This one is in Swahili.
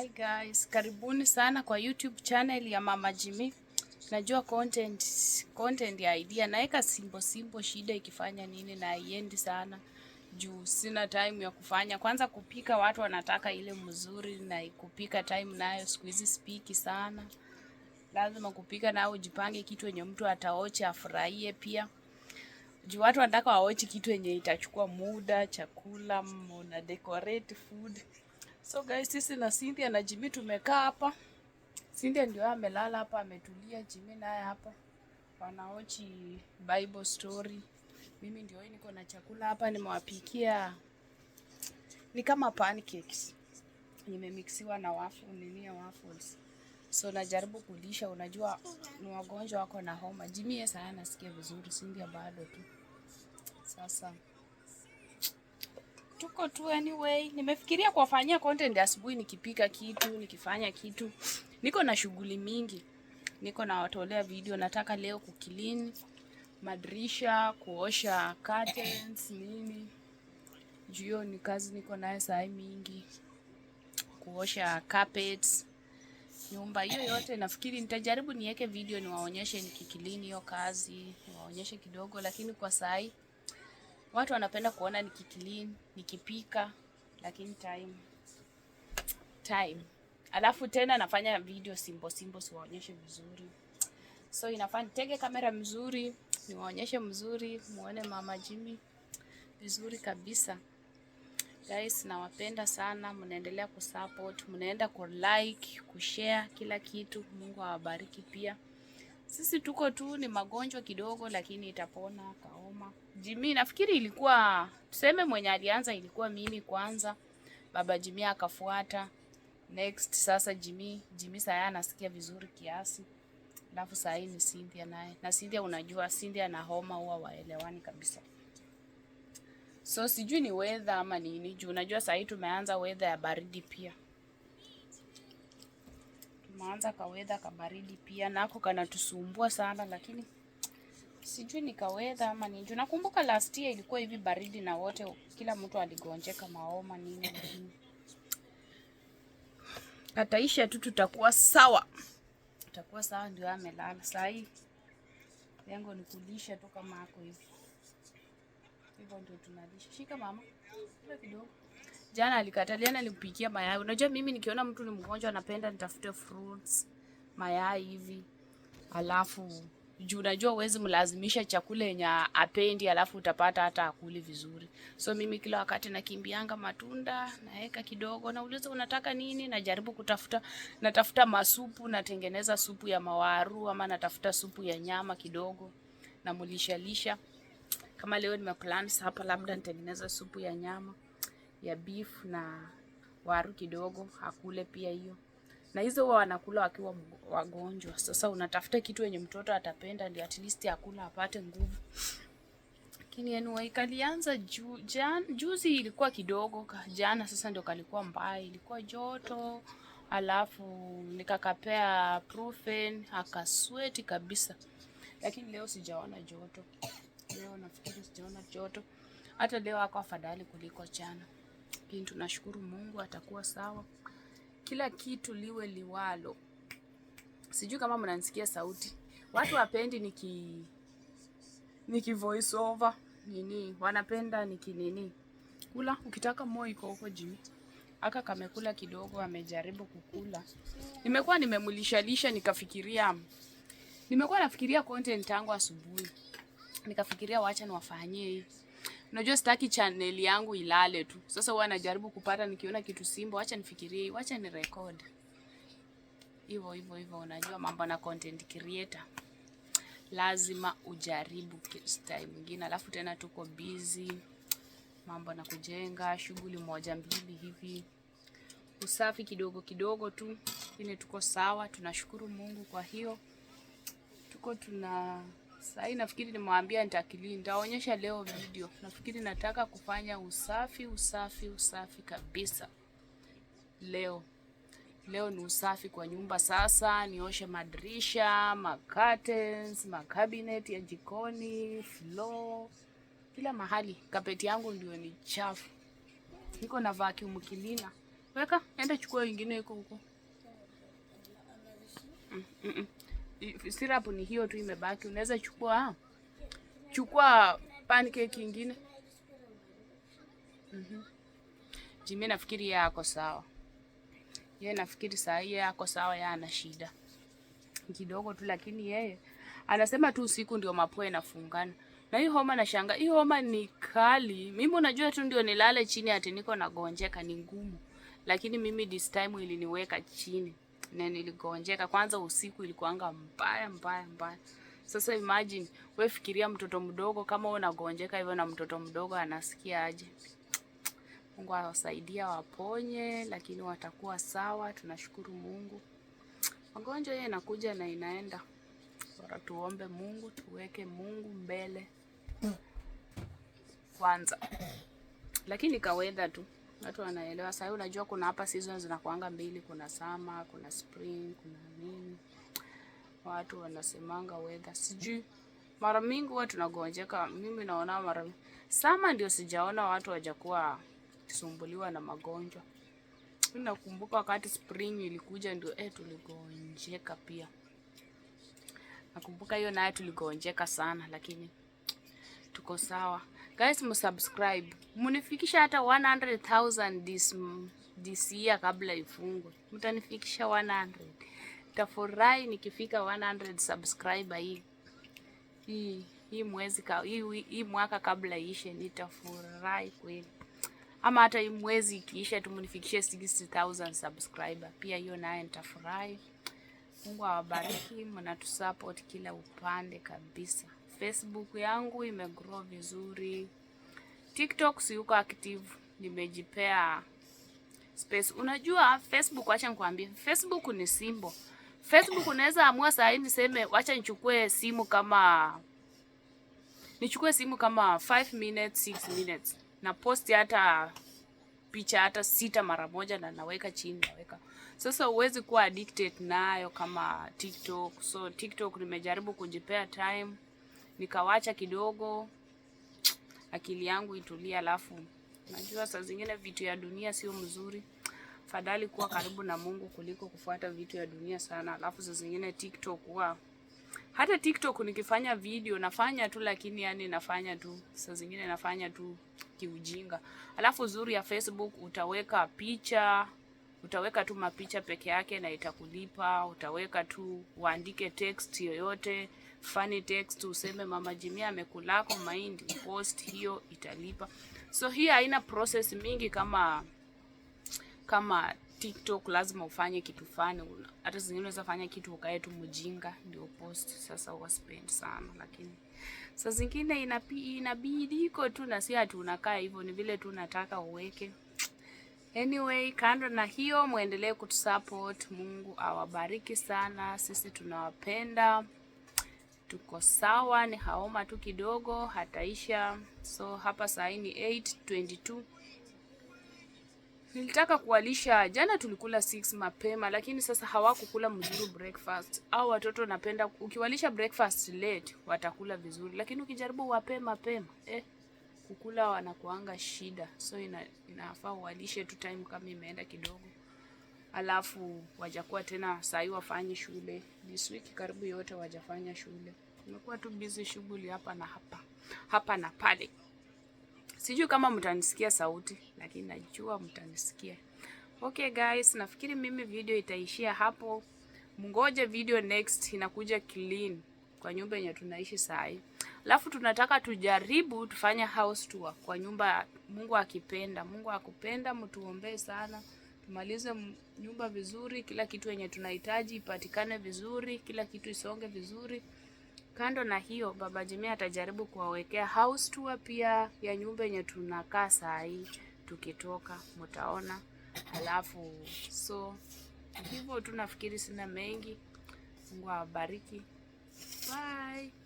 Hi guys, karibuni sana kwa YouTube channel ya Mama Jimmy. Najua content, content ya idea naeka simbo simbo, shida ikifanya nini na iendi sana juu sina time ya kufanya. Kwanza kupika, watu wanataka ile mzuri na kupika time nayo siku hizi spiki sana. Lazima kupika na ujipange kitu yenye mtu ataoche afurahie pia juu watu wanataka waoche kitu yenye itachukua muda, chakula, una decorate food So guys, sisi na Cynthia na Jimmy tumekaa hapa. Cynthia ndio amelala hapa ametulia, Jimmy naye hapa wanaochi Bible story. Mimi ndio niko na chakula hapa nimewapikia ni kama pancakes. Nimemixiwa na wafu, nini ya waffles. So najaribu kulisha, unajua ni wagonjwa wako na homa. Jimmy yeye sana anasikia vizuri, Cynthia bado tu. Sasa tuko tu anyway. Nimefikiria kuwafanyia content asubuhi, nikipika kitu, nikifanya kitu. Niko na shughuli mingi, niko na watolea video. Nataka leo kukilini madirisha, kuosha curtains nini, Jio ni kazi niko nayo saa mingi, kuosha carpets nyumba hiyo yote. Nafikiri nitajaribu niweke video niwaonyeshe nikikilini hiyo kazi, niwaonyeshe kidogo, lakini kwa saa hii Watu wanapenda kuona nikiclean, nikipika, lakini time time. Alafu tena nafanya video simbo simbo, siwaonyeshe vizuri, so inafaa nitege kamera mzuri, niwaonyeshe mzuri, muone mama Jimmy vizuri kabisa. Guys, nawapenda sana, mnaendelea kusupport, mnaenda ku like, kushare kila kitu. Mungu awabariki pia. Sisi tuko tu ni magonjwa kidogo, lakini itapona. Kaoma Jimi, nafikiri ilikuwa tuseme, mwenye alianza ilikuwa mimi kwanza, baba Jimi akafuata next. Sasa Jimi Jimi saya anasikia vizuri kiasi, alafu saa hii ni Cynthia naye, na Cynthia unajua, Cynthia na homa huwa waelewani kabisa, so sijui ni weather ama nini, juu unajua saa hii tumeanza weather ya baridi pia maanza kawedha kabaridi pia nako kanatusumbua sana, lakini sijui ni kawedha ama ni njoo. Nakumbuka last year ilikuwa hivi baridi na wote kila mtu aligonjeka maoma nini, lakini ataisha tu, tutakuwa sawa, tutakuwa sawa. Ndio amelala saa hii, lengo ni kulisha tu kama ako hivi hivyo, ndio tunalisha. Shika mama kidogo Jana alikataa, jana alimpikia mayai. Unajua mimi nikiona mtu ni mgonjwa napenda nitafute fruits, mayai hivi. Alafu juu unajua uwezi mlazimisha chakula yenye apendi, alafu utapata hata akuli vizuri. So mimi kila wakati nakimbianga matunda, naweka kidogo, nauliza unataka nini, najaribu kutafuta, natafuta masupu, natengeneza supu ya mawaru ama natafuta supu ya nyama kidogo, namulishalisha. Kama leo nimeplan hapa, labda nitengeneza supu ya nyama ya beef na waru kidogo, akule pia hiyo. Na hizo huwa wanakula wakiwa wagonjwa. Sasa unatafuta kitu yenye mtoto atapenda ndio at least akula apate nguvu. Lakini anyway kalianza ju, jan, juzi ilikuwa kidogo, jana sasa ndio kalikuwa mbaya, ilikuwa joto. Alafu nikakapea Profen akasweti kabisa, lakini leo sijaona joto. Leo nafikiri sijaona joto, hata leo ako afadhali kuliko jana lakini tunashukuru Mungu atakuwa sawa. Kila kitu liwe liwalo. Sijui kama mnanisikia sauti. Watu wapendi niki niki voice over nini, wanapenda niki nini. Kula ukitaka moyo iko huko jini. Aka kamekula kidogo, amejaribu kukula. Nimekuwa nimemlishalisha, nikafikiria nimekuwa nafikiria content tangu asubuhi, nikafikiria wacha niwafanyie hii Unajua sitaki channel yangu ilale tu. Sasa huwa najaribu kupata nikiona kitu Simba, acha nifikirie, acha ni record. Hivyo hivyo hivyo, unajua mambo na content creator. Lazima ujaribu style mwingine, alafu tena tuko busy. Mambo na kujenga, shughuli moja mbili hivi. Usafi kidogo kidogo tu. Ine tuko sawa, tunashukuru Mungu kwa hiyo. Tuko tuna Sahii nafikiri nimwambia nitakilini, nitaonyesha leo video. Nafikiri nataka kufanya usafi, usafi, usafi kabisa leo. Leo ni usafi kwa nyumba. Sasa nioshe madirisha, ma curtains, ma cabinet ya jikoni, floor, kila mahali. Kapeti yangu ndio ni chafu, niko na vacuum cleaner. Weka, enda chukua wengine, iko huko mm -mm. mm syrup ni hiyo tu imebaki, unaweza chukua chukua pancake ingine. mm -hmm. Jimi nafikiri yeye ako sawa, yeye nafikiri saa hii yeye ako sawa, yeye ana shida kidogo tu, lakini yeye anasema tu usiku ndio mapua inafungana na hii homa na shanga, hii homa ni kali. Mimi unajua tu ndio nilale chini ati niko nagonjeka, ni ngumu, lakini mimi this time iliniweka chini na niligonjeka. Kwanza usiku ilikuanga mbaya mbaya mbaya. Sasa imagine wewe, fikiria mtoto mdogo kama unagonjeka hivyo, na mtoto mdogo anasikia aje? Mungu awasaidia waponye, lakini watakuwa sawa. Tunashukuru Mungu, magonjwa yeye inakuja na inaenda. Bora tuombe Mungu, tuweke Mungu mbele kwanza, lakini kawaida tu watu wanaelewa. Sasa unajua kuna hapa season zinakuanga mbili, kuna summer, kuna spring, kuna nini. Watu wanasemanga weather sijui, mara mingi huwa tunagonjeka. Mimi naona mara summer ndio sijaona watu wajakuwa sumbuliwa na magonjwa. Nakumbuka wakati spring ilikuja ndio eh, tuligonjeka pia. Nakumbuka hiyo naye tuligonjeka sana, lakini tuko sawa. Guys, msubscribe. Munifikisha hata 100,000 this this year kabla ifungwe. Mtanifikisha 100. Tafurahi nikifika 100 subscriber hii. Hii hii mwezi ka hii, hii mwaka kabla ishe nitafurahi kweli. Ama hata hii mwezi ikiisha munifikishe 60,000 subscriber. Pia hiyo naye nitafurahi. Mungu awabariki, mnatusupport kila upande kabisa. Facebook yangu imegrow vizuri. TikTok siyuko active, nimejipea space. Unajua Facebook, acha nikwambie, Facebook ni simbo. Facebook unaweza amua saa hii niseme, wacha nichukue simu kama nichukue simu kama 5 minutes, 6 minutes na post hata picha hata sita mara moja, na naweka chini, naweka sasa. Huwezi kuwa addicted nayo kama TikTok, so TikTok nimejaribu kujipea time nikawacha kidogo akili yangu itulia. Alafu najua saa zingine vitu ya dunia sio mzuri, fadhali kuwa karibu na Mungu kuliko kufuata vitu ya dunia sana. Alafu saa zingine TikTok wa hata TikTok nikifanya video nafanya tu, lakini yani nafanya tu saa zingine nafanya tu kiujinga. Alafu zuri ya Facebook utaweka picha, utaweka tu mapicha peke yake na itakulipa. Utaweka tu uandike text yoyote funny text, useme mama Jimia amekulako mahindi, post hiyo italipa. So hii haina process mingi kama kama TikTok lazima ufanye kitu fani. Hata zingine unaweza fanya kitu ukae tu mjinga ndio post. Sasa uwa spend sana, lakini sa zingine inabidi iko tu na si ati unakaa hivyo, ni vile tu nataka uweke. Anyway, kando na hiyo, muendelee kutusupport. Mungu awabariki sana, sisi tunawapenda tuko sawa, ni haoma tu kidogo, hataisha. So hapa saa hii ni 8:22. Nilitaka kuwalisha jana, tulikula 6 mapema, lakini sasa hawakukula mzuri breakfast. Au watoto napenda ukiwalisha breakfast late watakula vizuri, lakini ukijaribu wape mapema eh, kukula wanakuanga shida. So ina, inafaa uwalishe tu time kama imeenda kidogo alafu wajakuwa tena sahii wafanye shule this week, karibu yote wajafanya shule. Imekuwa tu busy shughuli hapa na hapa hapa na pale. Sijui kama mtanisikia sauti, lakini najua mtanisikia. Okay guys, nafikiri mimi video itaishia hapo. Mngoje video next inakuja clean kwa nyumba yenye tunaishi sahi. Alafu tunataka tujaribu tufanye house tour kwa nyumba, Mungu akipenda. Mungu akupenda, mtuombee sana tumalize nyumba vizuri, kila kitu yenye tunahitaji ipatikane vizuri, kila kitu isonge vizuri. Kando na hiyo, baba Jimmy atajaribu kuwawekea house tour pia ya nyumba yenye tunakaa saa hii. Tukitoka mtaona, halafu so hivyo tu. Nafikiri sina mengi. Mungu awabariki. Bye.